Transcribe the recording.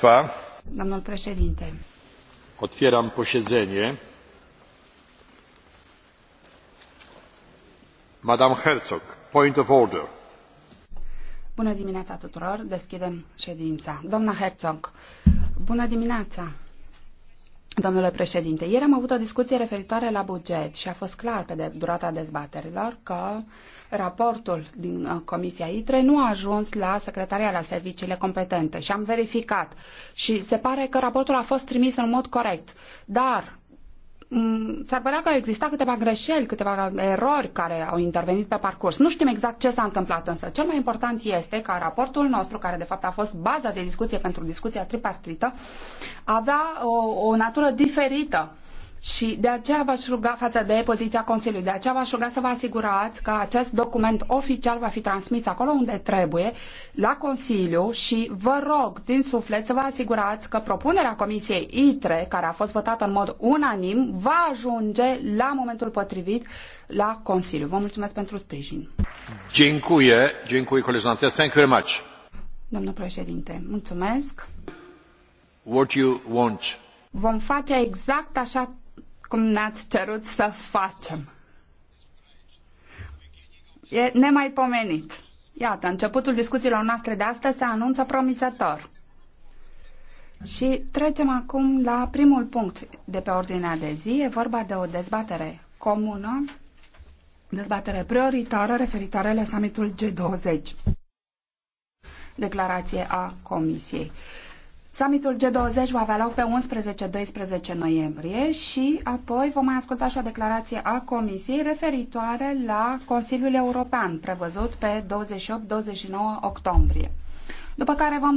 państwa! președinte. Otwieram posiedzenie. madame Herzog, point of order. Bună dimineața tuturor, deschidem ședința. doamnă Herzog, bună dimineața! Domnule președinte, ieri am avut o discuție referitoare la buget și a fost clar pe de durata dezbaterilor că raportul din uh, Comisia ITRE nu a ajuns la secretaria la serviciile competente și am verificat și se pare că raportul a fost trimis în mod corect, dar Mm, s-ar părea că au existat câteva greșeli, câteva erori care au intervenit pe parcurs. Nu știm exact ce s-a întâmplat, însă cel mai important este că raportul nostru, care de fapt a fost baza de discuție pentru discuția tripartită, avea o, o natură diferită. Și de aceea v-aș ruga față de poziția Consiliului, de aceea v-aș ruga să vă asigurați că acest document oficial va fi transmis acolo unde trebuie, la Consiliu și vă rog din suflet să vă asigurați că propunerea Comisiei ITRE, care a fost votată în mod unanim, va ajunge la momentul potrivit la Consiliu. Vă mulțumesc pentru sprijin. Dziękuję, dziękuję koleżance. Thank you very much. Domnul președinte, mulțumesc. What you want. Vom face exact așa cum ne-ați cerut să facem. E nemaipomenit. Iată, începutul discuțiilor noastre de astăzi se anunță promițător. Și trecem acum la primul punct de pe ordinea de zi. E vorba de o dezbatere comună, dezbatere prioritară referitoare la summitul G20. Declarație a Comisiei. Summitul G20 va avea loc pe 11-12 noiembrie și apoi vom mai asculta și o declarație a Comisiei referitoare la Consiliul European, prevăzut pe 28-29 octombrie. După care vom